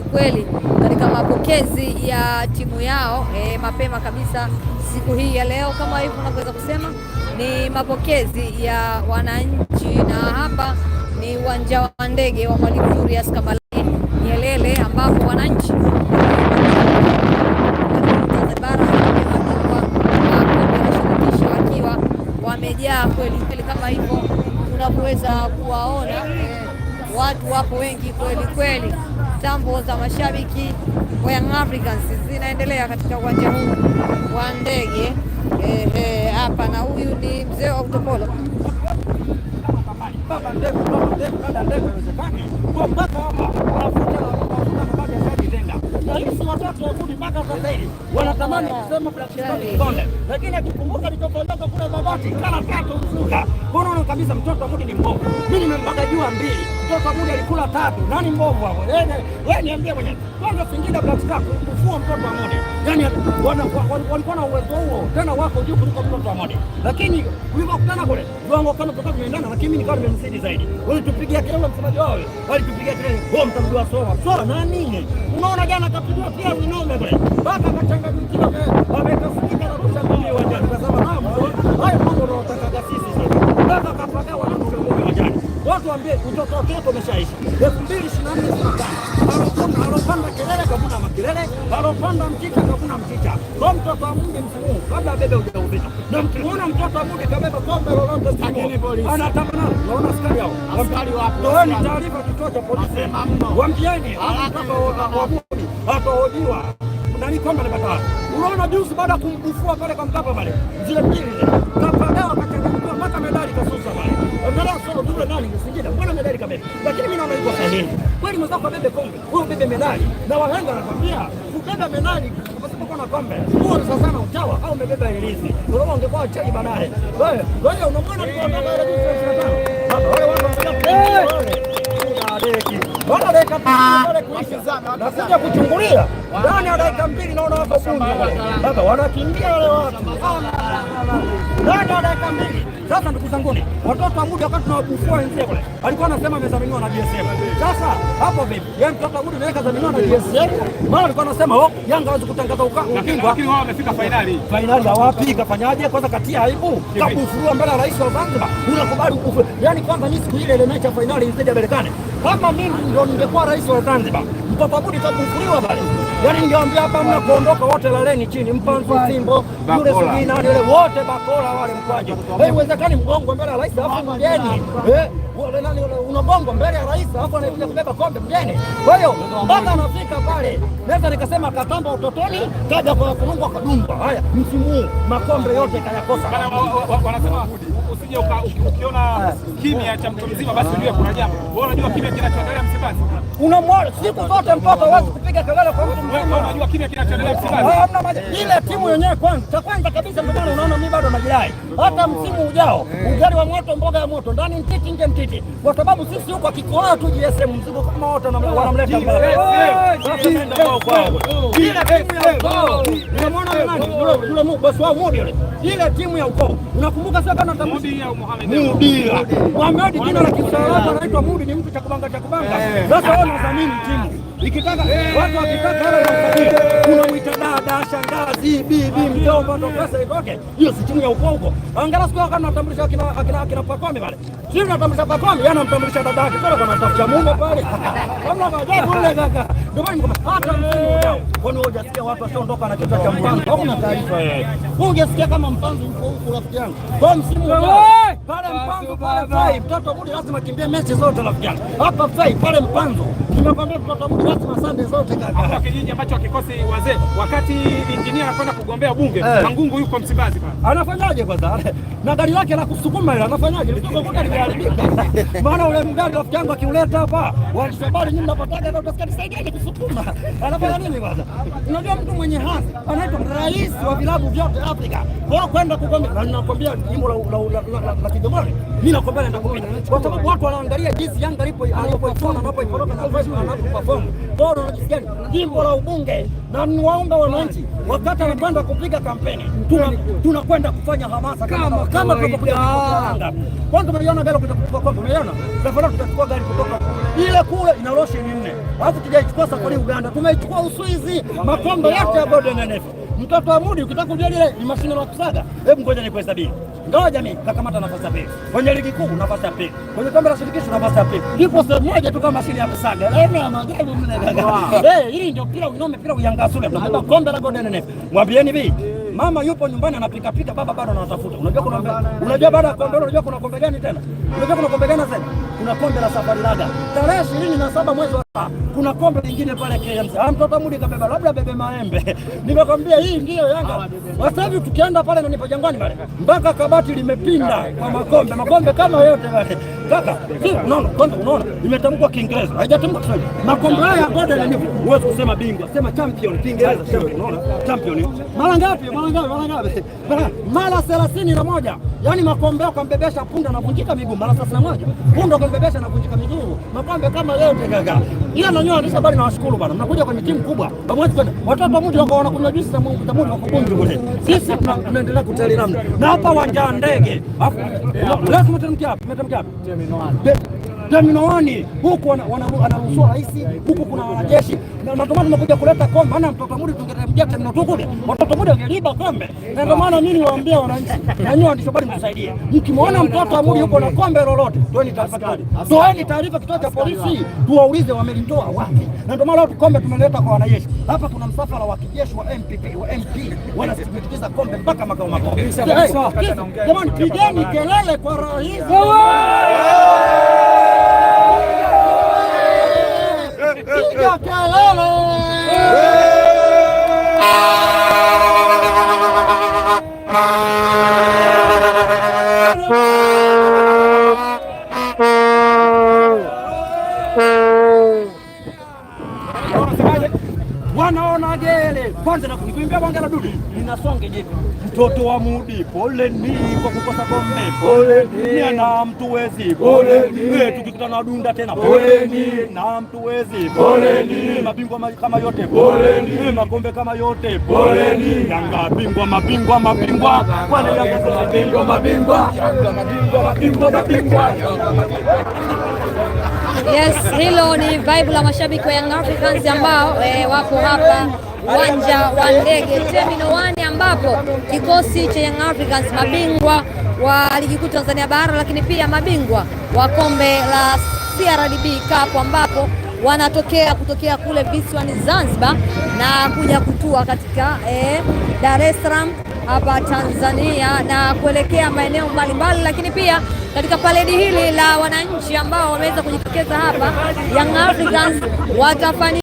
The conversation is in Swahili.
kweli kweli katika mapokezi ya timu yao e, mapema kabisa siku hii ya leo, kama hivyo unavyoweza kusema ni mapokezi ya wananchi, na hapa ni uwanja wa ndege wa Mwalimu Julius Kambarage Nyerere ambapo wananchi wamejaa kweli kweli kama hivyo unavyoweza kuwaona eh, watu wapo wengi kweli kweli tambo za mashabiki wa Young Africans zinaendelea katika uwanja huu wa ndege hapa, na huyu ni mzee wa utopolo wanakiovudi mpaka sasa hivi wanatamani kusema blakonde, lakini akikumbuka alichopondoka kule Babati kana tatu mzuka, unaona kabisa mtoto Mudi ni mbovu. Mi nimempaka jua mbili, mtoto Mudi alikula tatu. Nani mbovu hapo? Wewe niambie mwenyewe kwanza. Singida Black Stars kufua mtoto wa Mudi, yani walikuwa na uwezo huo, tena wako juu kuliko mtoto wa Mudi, lakini ulivyokutana kule viwango kana toka tumeendana, lakini mi nikawa nimemsidi zaidi. Walitupigia kelele, msemaji wao walitupigia kelele, mtamjua Soa. Soa na nini? Unaona jana akapigiwa kelele minome bwana, mpaka akachanganyikiwa, eh, amekasirika na kushambulia wajani, kasema eh, hayo mambo naotakaga sisi sasa, mpaka akapagawa na kushambulia wajani. Watu waambie utoto wake umeshaisha. elfu mbili ishirini na nne tunataka alopanda kelele kavuna makelele, alopanda mchicha kavuna mchicha. Kwa mtoto wa Mungu msimu kabla abebe ujauzito, na mkimuona mtoto wa Mungu kabeba kombe lolote simu anatamana, naona askari hao askari wapo, toeni taarifa kituo cha polisi, wambieni hapa kwa wabuni hatahojiwa. Nani kwamba anapata unaona, juzi baada ya kumdufua pale kwa Mkapa pale zile mbili kapalewa akachanganyikiwa mpaka medali kasusa pale nani Singida, mbona medali kabebe? Lakini mimi naona sahihi kweli, mwenzako abebe kombe, wewe ubebe medali, na medali kombe nakuja kuchungulia ndani ya dakika mbili, naona wako Baba wanakimbia wale watu ndani ya dakika mbili. Sasa ndugu zangu, watoto wa Mudi wakati tunawabufua wenzie kule walikuwa wanasema wamezaminiwa na GSM. Sasa hapo vipi? Yeye mtoto wa Mudi naye kazaminiwa na GSM, maana alikuwa anasema oh, Yanga hawezi kutangaza ubingwa, lakini wao wamefika fainali. Fainali ya wapi? Kafanyaje? Kwanza katia aibu, kabufua mbele ya rais wa Zanzibar, unakubali kufua? Yaani kwamba ni siku ile ile mechi ya fainali izidi ya Berkane. Kama mimi ndio ningekuwa rais wa Zanzibar kuogopa kwa budi takufuliwa bale. Yaani ningewaambia hapa mna kuondoka wote, laleni chini, mpanzu simbo yule sijui nani yule wote bakola wale mkwaje. Eh, haiwezekani mgongo mbele ya rais alafu mgeni. Eh, wale nani unagongwa mbele ya rais alafu anakuja kubeba kombe mgeni. Kwa hiyo mpaka anafika pale, naweza nikasema katamba utotoni kaja kwa kulungwa kadumba. Haya msimu makombe yote kayakosa. Wanasema usije ukiona kimya cha mtu mzima, basi ujue kuna jambo. Wewe unajua kimya kinachoendelea Msimbazi, unamwona siku zote mpaka wazi kupiga kelele kwa mtu mzima. Unajua kimya kinachoendelea maji ile timu yenyewe kwanza, cha kwanza kabisa, ndio maana unaona mimi bado majirai. Hata msimu ujao ugali wa moto, mboga ya moto, ndani mtiti, nje mtiti, kwa sababu sisi huko kikoa tu GSM mzigo kama wote wanamleta mbele. Unamwona nani? Yule bosi wao mmoja yule ile timu ya ukoo unakumbuka, sio kana Mudira Mohamed Mudira, jina la Kiarabu anaitwa Mudi, ni mtu cha kubanga cha kubanga. Eh. Sasa wao wanadhamini timu ikitaka watu wakitaka hela aasafiri unamwita dada, shangazi, bibi, mjomba, ndo pesa itoke. Hiyo si timu ya ukoko. Angalau siku kama natambulisha akina akina akina Pakome pale, sio natambulisha Pakome, yana mtambulisha dada yake pale, kwa tafuta mume pale, kama maajabu ile kaka. Ndio maana hata msimu ujao, kwani hujasikia watu wasiondoka na kichwa cha mpango? au Hakuna taarifa yeye, ungesikia kama mpango uko huko, rafiki yangu, kwa msimu ujao pale mpango pale five, mtoto budi lazima kimbie mechi zote, rafiki yangu, hapa fai pale mpango, tunakwambia mtoto budi lazima Sunday zote kaka. Kijiji ambacho akikosi wazee, wakati injinia anakwenda kugombea bunge, eh. Mangungu yuko Msimbazi pale. Anafanyaje kwanza? Na gari lake la kusukuma ile anafanyaje? Litoka limeharibika. Maana ule mgari rafiki yangu akiuleta hapa, wanasabari nyinyi mnapataga na utasikia nisaidieje kusukuma. Anafanya nini kwanza? Unajua mtu mwenye hasi anaitwa rais wa vilabu vyote Afrika. Bora kwenda kugombea. Na ninakwambia jimbo la la Kigoma. Mimi nakwambia naenda kugombea. Kwa sababu watu wanaangalia jinsi Yanga alipo alipoifanya anapoiporoka na anapoperform bora na jimbo la ubunge, na niwaomba wananchi, wakati anakwenda kupiga kampeni, tunakwenda kufanya hamasa kama kama tunapopiga kampeni. Kwanza mliona gari kutoka kwa mliona safari, tutachukua gari kutoka ile kule ina losheni nne, alafu tujaichukua safari Uganda, tumeichukua Uswizi, makombe yote ya bodi ya mtoto wa Mudi ukitaka kujua lile ni mashine ya kusaga, hebu ngoja nikuhesabie. ngawa jamii kakamata nafasi ya pili kwenye ligi kuu, nafasi ya pili kwenye kombe la shirikisho, nafasi ya pili. Ipo sehemu moja tu kama mashine ya kusaga magari, hili ndio pira unome, pira uyangasule, kombe la golden. Mwambieni hivi Mama yupo nyumbani anapika pika, baba bado anatafuta. Unajua kuna unajua baada ya kombe, unajua kuna kombe gani tena? Unajua kuna kombe gani tena? Kuna kombe la safari laga tarehe ishirini na saba mwezi wa kuna kombe lingine pale KMC. Ah, mtoto mudi kabeba, labda bebe maembe. Nimekwambia hii ndio Yanga. Sasa hivi tukienda pale na nipo Jangwani pale, mpaka kabati limepinda kwa makombe, makombe kama yote pale. Kaka, Si unaona kombe, unaona imetamkwa Kiingereza, haijatamkwa Kiswahili. Makombe haya ya Gordon, huwezi kusema bingwa, sema champion Kiingereza, champion. Unaona champion mara ngapi? mama? ngapi? Mara thelathini na moja. Yaani Makombe yako kambebesha punda na kunjika miguu mara thelathini na moja, punda kambebesha kunjika miguu. Makombe kama leo tegaga. ila nanyoa ndisha bali na washukuru bwana, mnakuja kwenye timu kubwa pamoja, kwenda Watu hapa wamuji wako wanakunywa juisi za Mungu tamuni wako bunju kule, sisi tunaendelea kutali namna na hapa uwanja ndege, alafu leo tumetamkia hapa tumetamkia hapa na Minoani huku anaruhusiwa rais, huku kuna wanajeshi, na ndio maana tunakuja kuleta kombe. Maana mtoto mmoja tungetamjia tena tu kule, watoto mudi wangeliba kombe. Na ndio maana mimi niwaambia wananchi na nyinyi waandishi habari, msaidie. Mkimwona mtoto mudi yuko na kombe lolote, toeni tafakari, toeni taarifa kituo cha polisi, tuwaulize wamelitoa wapi. Na ndio maana kombe tumeleta kwa wanajeshi hapa. Kuna msafara wa kijeshi wa MPP wa MP wanasitikiza kombe mpaka makao makao. Jamani, pigeni kelele kwa rais. Diga Carole! Você vai wanaona gele kwanza na kunikimbia bonge la dudu ninasonge jipi mtoto wa mudi pole ni kwa kukosa pole ni na mtu wezi pole ni poleni tukikutana dunda tena pole ni na mtu wezi pole ni mabingwa kama yote pole ni makombe kama yote pole ni Yanga bingwa mabingwa mabingwa wale Yanga bingwa mabingwa Yanga mabingwa mabingwa mabingwa Yes, hilo ni vibe la mashabiki wa Young Africans ambao eh, wako hapa uwanja wa ndege Terminal 1 ambapo kikosi cha Young Africans mabingwa wa ligi kuu Tanzania bara, lakini pia mabingwa wa kombe la CRDB Cup ambapo wanatokea kutokea kule visiwani Zanzibar na kuja kutua katika eh, Dar es Salaam hapa Tanzania na kuelekea maeneo mbalimbali, lakini pia katika paledi hili la wananchi ambao wameweza kujitokeza hapa, Young Africans watafanya